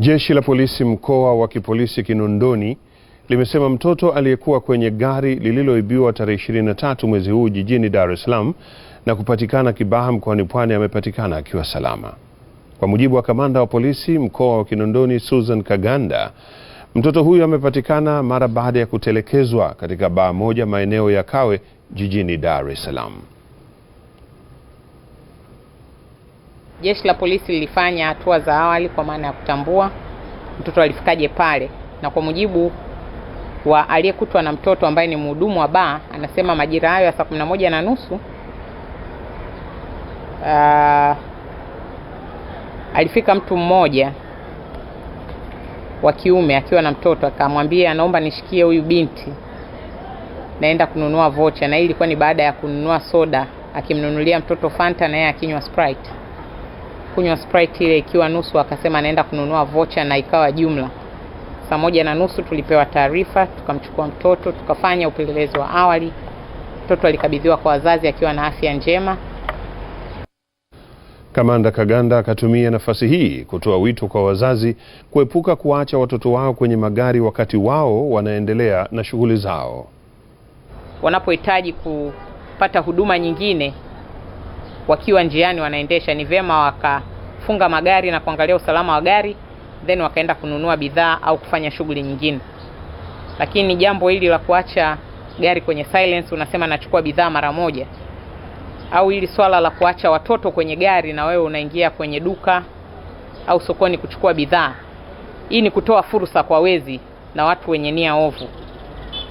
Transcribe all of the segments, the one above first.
Jeshi la polisi mkoa wa kipolisi Kinondoni limesema mtoto aliyekuwa kwenye gari lililoibiwa tarehe 23 mwezi huu jijini Dar es Salaam na kupatikana Kibaha mkoani Pwani amepatikana akiwa salama. Kwa mujibu wa kamanda wa polisi mkoa wa Kinondoni Susan Kaganda, mtoto huyo amepatikana mara baada ya kutelekezwa katika baa moja maeneo ya Kawe jijini Dar es Salaam. jeshi la polisi lilifanya hatua za awali kwa maana ya kutambua mtoto alifikaje pale, na kwa mujibu wa aliyekutwa na mtoto ambaye ni mhudumu wa baa anasema majira hayo ya saa kumi na moja na nusu uh, alifika mtu mmoja wa kiume akiwa na mtoto akamwambia, naomba nishikie huyu binti, naenda kununua vocha, na hii ilikuwa ni baada ya kununua soda, akimnunulia mtoto Fanta na yeye akinywa Sprite kunywa Sprite ile ikiwa nusu, akasema anaenda kununua vocha na ikawa jumla. Saa moja na nusu tulipewa taarifa, tukamchukua mtoto, tukafanya upelelezi wa awali. Mtoto alikabidhiwa kwa wazazi akiwa na afya njema. Kamanda Kaganda akatumia nafasi hii kutoa wito kwa wazazi kuepuka kuwaacha watoto wao kwenye magari wakati wao wanaendelea na shughuli zao. Wanapohitaji kupata huduma nyingine wakiwa njiani wanaendesha, ni vyema wakafunga magari na kuangalia usalama wa gari, then wakaenda kununua bidhaa au kufanya shughuli nyingine. Lakini jambo hili la kuacha gari kwenye silence, unasema nachukua bidhaa mara moja, au hili swala la kuacha watoto kwenye gari na wewe unaingia kwenye duka au sokoni kuchukua bidhaa, hii ni kutoa fursa kwa wezi na watu wenye nia ovu.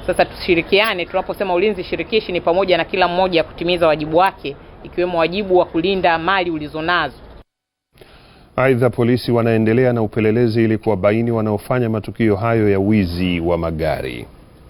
Sasa tushirikiane. Tunaposema ulinzi shirikishi, ni pamoja na kila mmoja kutimiza wajibu wake ikiwemo wajibu wa kulinda mali ulizonazo. Aidha, polisi wanaendelea na upelelezi ili kuwabaini wanaofanya matukio hayo ya wizi wa magari.